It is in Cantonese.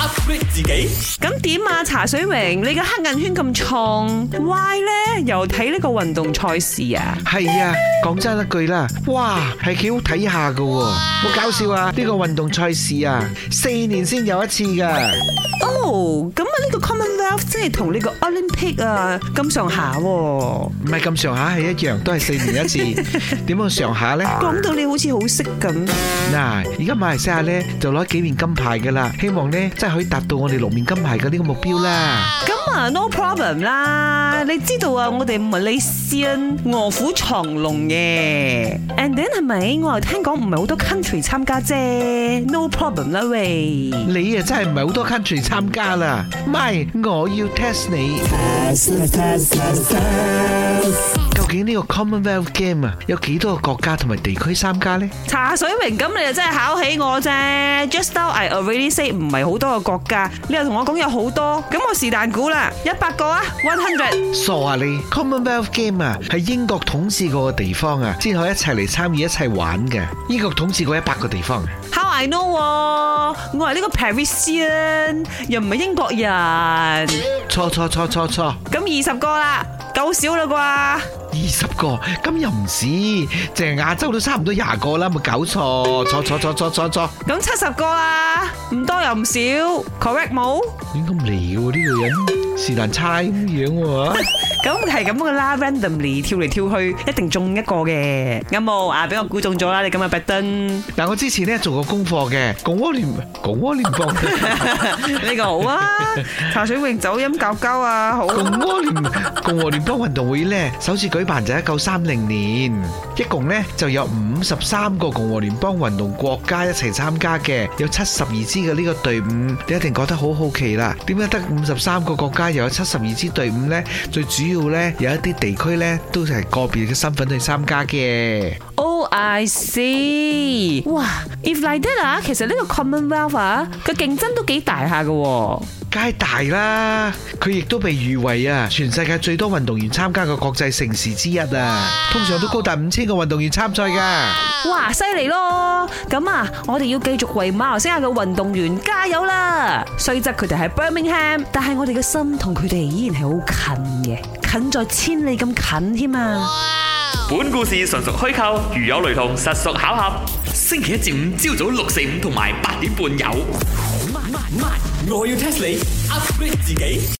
u p 自己咁點啊？茶水榮，你個黑眼圈咁重，why 咧？又睇呢個運動賽事啊？係啊，講真一句啦，哇，係幾好睇下噶，好哇搞笑啊！呢、這個運動賽事啊，四年先有一次噶。哦，咁、e、啊，呢個 Commonwealth 真係同呢個 Olympic 啊咁上下。唔係咁上下，係一樣，都係四年一次。點講 上下咧？講到你好似好識咁。嗱，而家馬來西亞咧就攞幾面金牌噶啦，希望咧可以達到我哋六面金牌嘅呢個目標啦。咁啊，no problem 啦。你知道啊，我哋 Malaysian 臥虎藏龍嘅。And then 係咪？我又聽講唔係好多 country 參加啫。No problem 啦喂。你啊真係唔係好多 country 參加啦。唔係，我要 test 你。究竟呢個 Commonwealth Game 啊，有幾多個國家同埋地區參加呢？查水平，咁你又真係考起我啫。Just now I already say 唔係好多個國家，你又同我講有好多，咁我是但估啦，一百個啊，one hundred。傻啊你！Commonwealth Game 啊，係英國統治過嘅地方啊，先可以一齊嚟參與一齊玩嘅。英國統治過一百個地方？How I know？啊，我係呢個 Parisian，又唔係英國人。錯錯錯錯錯！咁二十個啦。夠少啦啩？二十個咁又唔止，淨係亞洲都差唔多廿個啦，冇搞錯，錯錯錯錯錯錯。咁七十個啊，唔多又唔少，correct 冇。點解咁離嘅呢個人，是但猜咁樣喎、啊。咁係咁噶啦，randomly 跳嚟跳去，一定中一個嘅。有冇？啊，俾我估中咗啦！你今日拜登。嗱，我之前咧做過功課嘅。共和聯共和聯邦呢個 好啊！茶水泳酒，走音、教交啊，好。共和聯共和聯邦運動會咧，首次舉辦就係一九三零年，一共咧就有五十三個共和聯邦運動國家一齊參加嘅，有七十二支嘅呢個隊伍。你一定覺得好好奇啦，點解得五十三個國家又有七十二支隊伍咧？最主主要咧有一啲地區咧都係個別嘅身份去參加嘅。O I C，哇！If like that 啊，其實呢個 Commonwealth 嘅競爭都幾大下嘅，梗係大啦。佢亦都被譽為啊，全世界最多運動員參加嘅國際城市之一啊。通常都高達五千個運動員參賽噶。哇！犀利咯。咁啊，我哋要繼續為馬來西亞嘅運動員加油啦。雖則佢哋喺 Birmingham，但係我哋嘅心同佢哋依然係好近嘅，近在千里咁近添啊。Wow. 本故事純屬虛構，如有雷同，實屬巧合。星期一至五朝早六四五同埋八點半有。我要 test 你，upgrade 自己。